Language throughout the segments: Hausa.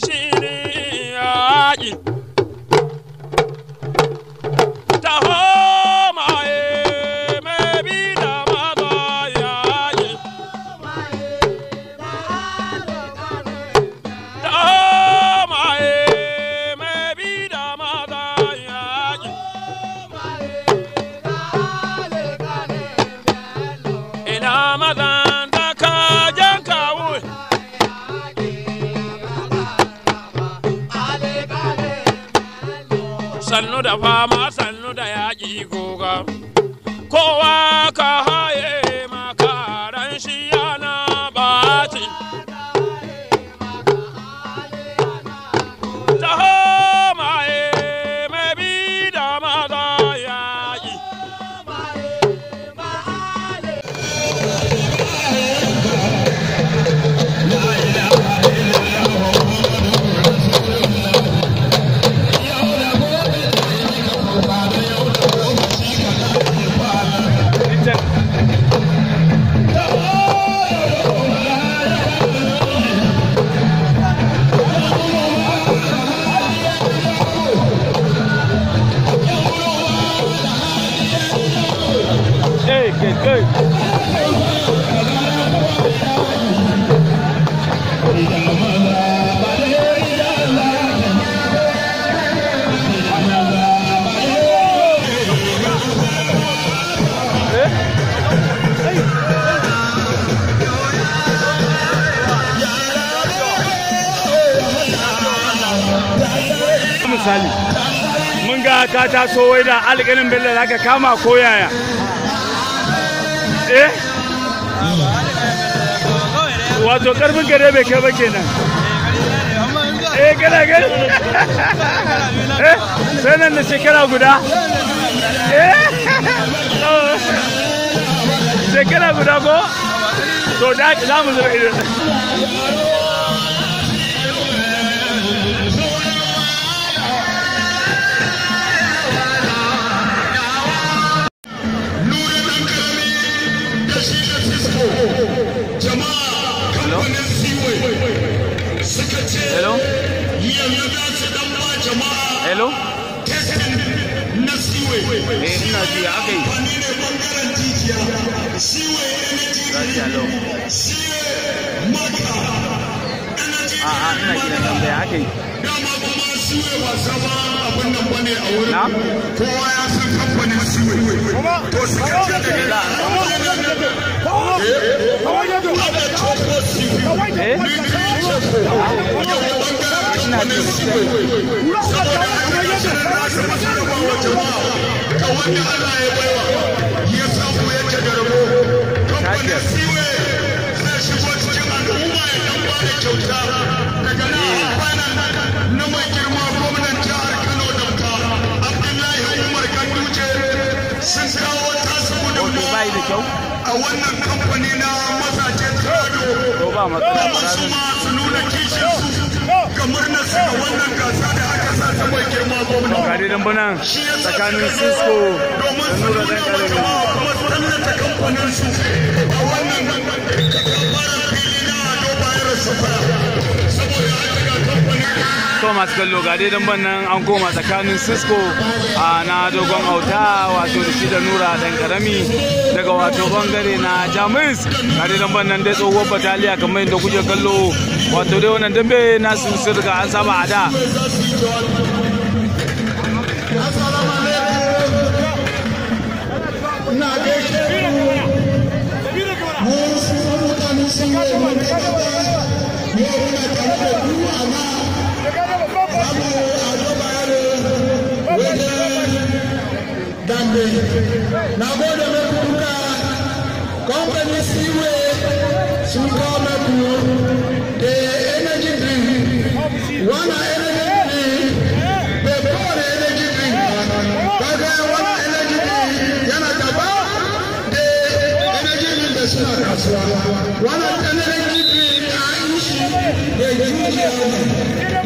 shiri aji. the farmers and misali mun ga ka taso wai da alƙalin bello za kama ko yaya Eh? wato karfin gare bai kai ba kenan eh kana gani eh sai nan da shekara guda eh shekara guda ko to da za mu zura idan eh ina ji ya aka yi ina ji kyauta daga girma gwamnan jihar Kano a wannan kamfani na mazaje Kano da masu masu Kare dan bana tsakanin Cisco da Nura dan a To masu kallo ga dai dan bannan an koma tsakanin Cisco a na dogon auta wato da shi da Nura dan karami daga wato bangare na Jamus ga dai dan bannan dai tsohuwar bataliya kamar yadda kuke kallo wato dai wannan dambe nasu sun riga an saba a da na gode mai kuka kamfanin siwe sun kawo na kuwa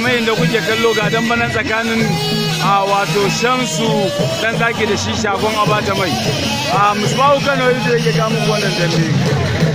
kamar yadda kuke kallo ga dan bana tsakanin a wato shamsu dan zaki da shi shagon abata mai a musbahu kano yadda yake kamun wannan dambe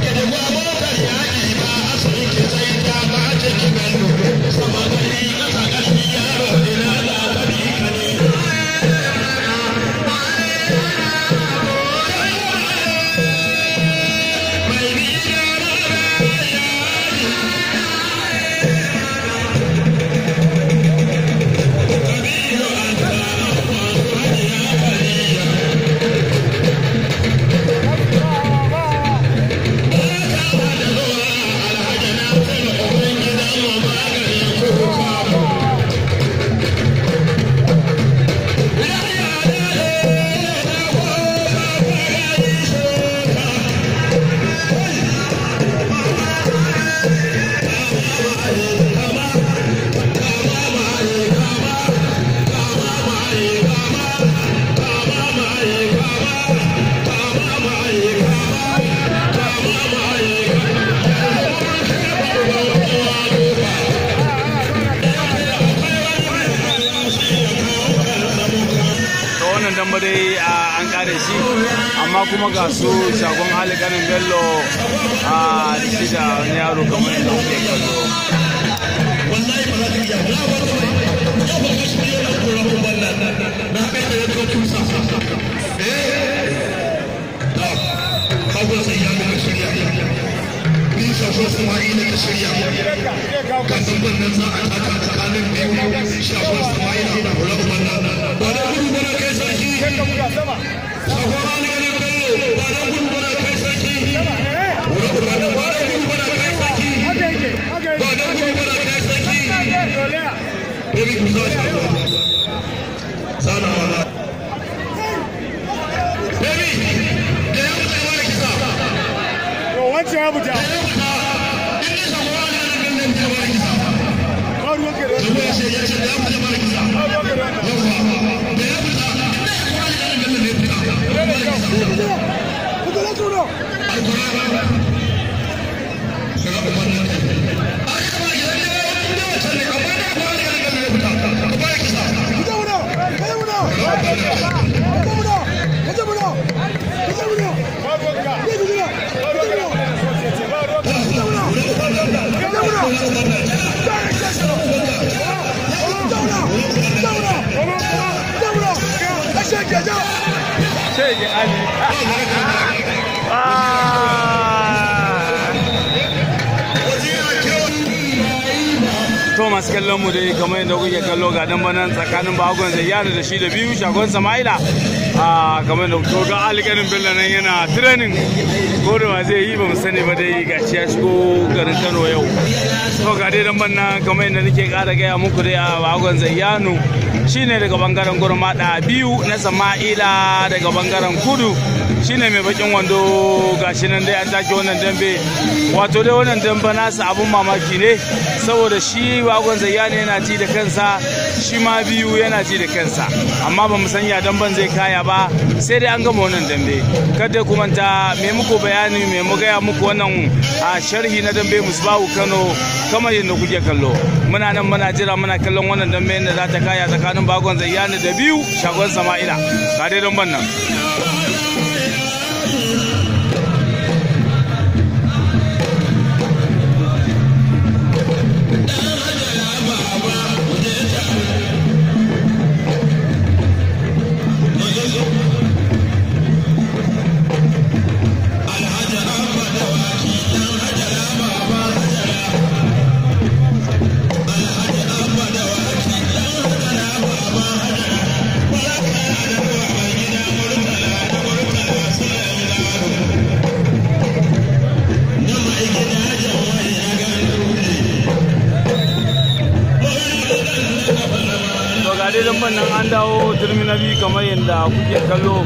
buga su shagon halikarin bello a da wani yaro kamar yadda kallo shafo sama'ila ta shirya ka za biyu ba ba ba ba shege ali to masu kallon mu dai kamar yadda kuke kallo ga dan banan tsakanin bagon zayyana da shi da biyu shagon samaila a ah, kamar da to ga alƙalin bello nan yana training ko da ma zai yi ba mu sani ba dai ga ya shigo garin kano yau to ga dai dan banan kamar yadda nake ƙara gaya muku dai a bagon zayyano shine daga bangaren da biyu na sama'ila daga bangaren kudu shine mai bakin wando gashi nan dai an take wannan dambe wato dai wannan dambe nasa abun mamaki ne saboda shi wagon zayyane yana ci da kansa shi ma biyu yana ci da kansa amma ba mu sanya damban zai kaya ba sai dai an gama wannan dambe kada kuma ta me muku bayani me mu gaya muku wannan a sharhi na dambe musbahu kano kamar yadda kuke kallo muna nan muna jira muna kallon wannan dambe yadda za ta kaya tsakanin zai yana da biyu shagon sama'ila ga dai don nan kuke kallo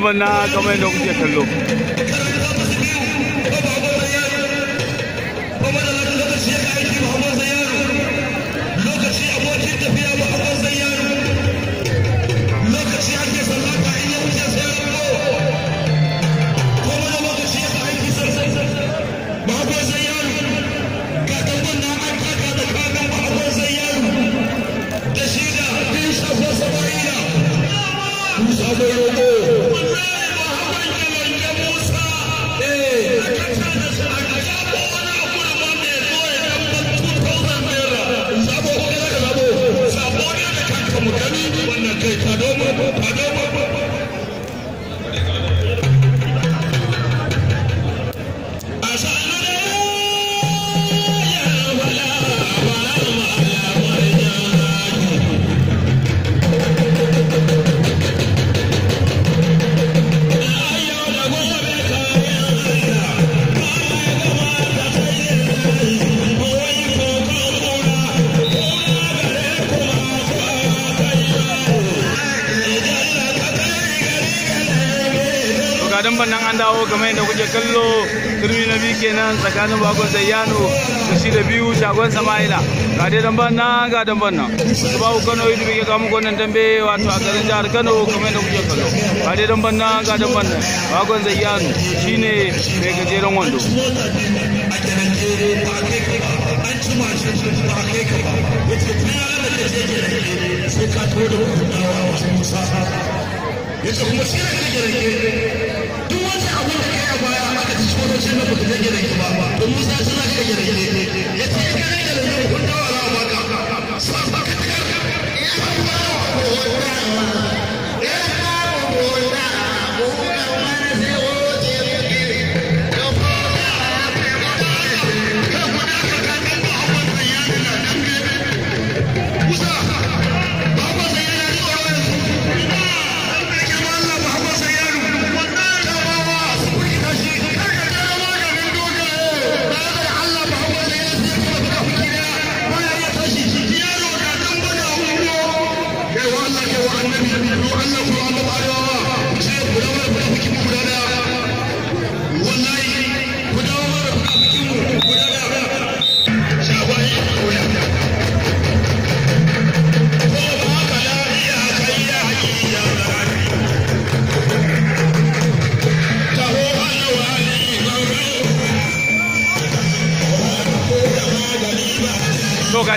banna kamar yadda kuke kallo kuke kallo turmi na biyu kenan tsakanin bakon zayyano da shi da biyu shagon sama'ila ga dai damban ga su ba ku kano dambe wato a garin jihar kano kamar yadda kuke kallo ga dai ga bakon mai gajeren wando kuma shi ne ce na kuka gare ba da musa suna gare gare gare ya ce ya gare gare kun ba ya ba ko ya ba ko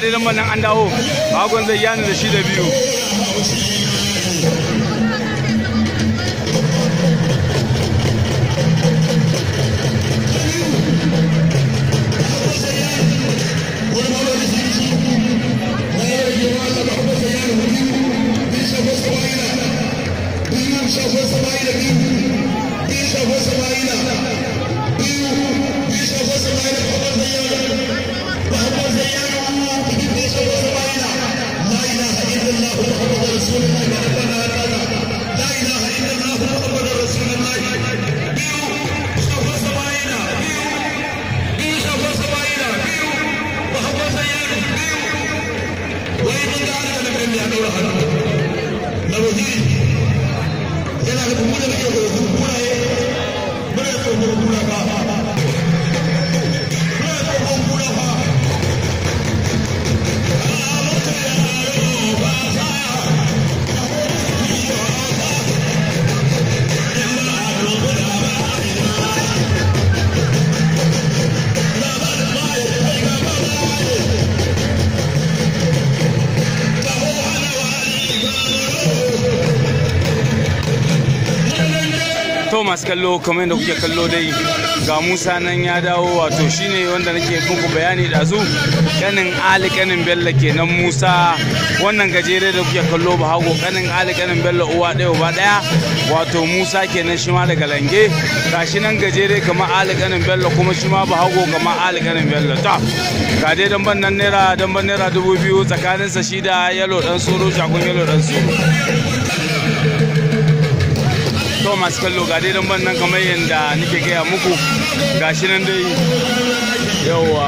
dai lambar nan an dawo agon zai yana da shi da biyu masu kallo kamar yadda kuke kallo dai ga musa nan ya dawo wato shine wanda nake muku bayani su kanin ali kanin bello kenan musa wannan gajere da kuke kallo ba hago kanin ali kanin bello uwa ɗaya ba ɗaya wato musa kenan shi ma daga lange shi nan gajere kamar ali kanin bello kuma shi ma ba hago kamar ali kanin bello ta ga dai damban nan naira damban naira dubu biyu tsakaninsa shi da yalo dan suru jagon yalo dan suru to masu kallo ga dai ban nan kamar yadda nake gaya muku gashi nan dai yawa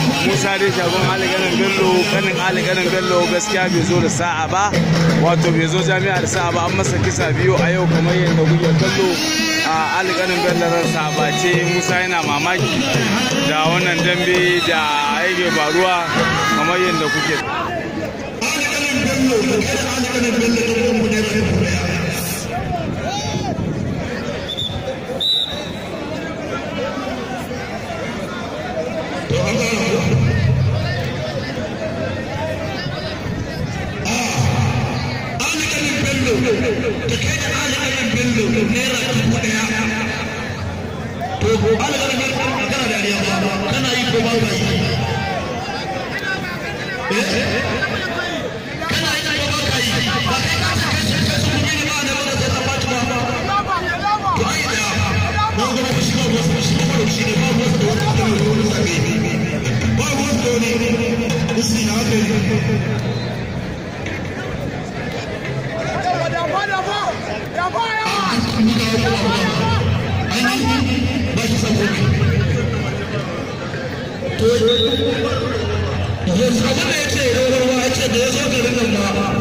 musa dai shagon ganin bello kanin ganin bello gaskiya bai zo da sa'a ba wato bai zo jami'a da sa'a ba an masa kisa biyu a yau kamar yadda kuke kallo a aliganin bello ran ba ce musa yana mamaki da wannan dambe da aiki faruwa kamar yadda kuke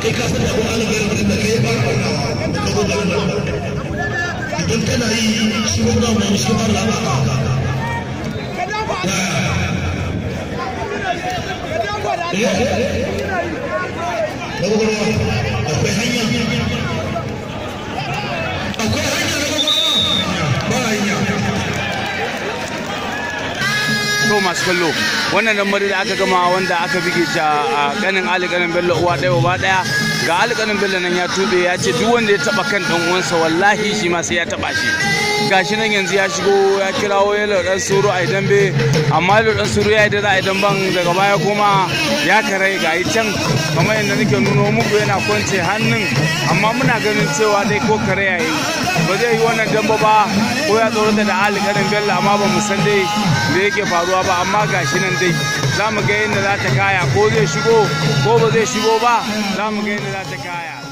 kai ka san da kuma ana gari da kai ya fara barnawa da kuma barnawa idan kana yi shi wanda mu shi Allah ba ka da akwai hanya to masu kallo wannan lamari da aka gama wanda aka bige shi a kanin alikanin bello uwa daya uba daya ga alikanin bello nan ya tube ya ce duk wanda ya taba kan dan uwansa wallahi shi ma sai ya taɓa shi gashi nan yanzu ya shigo ya kirawo yalo dan suru a idan be amma yalo dan suru ya yi dada idan ban daga baya kuma ya karai ga can kamar yadda nake nuno muku yana kwance hannun amma muna ganin cewa dai ko kare yayi ba zai yi wannan damba ba ko ya tsoro da garin bello amma ba mu san dai me yake faruwa ba amma gashi nan dai za mu ga yadda za ta kaya ko zai shigo ko ba zai shigo ba za mu ga yadda za ta kaya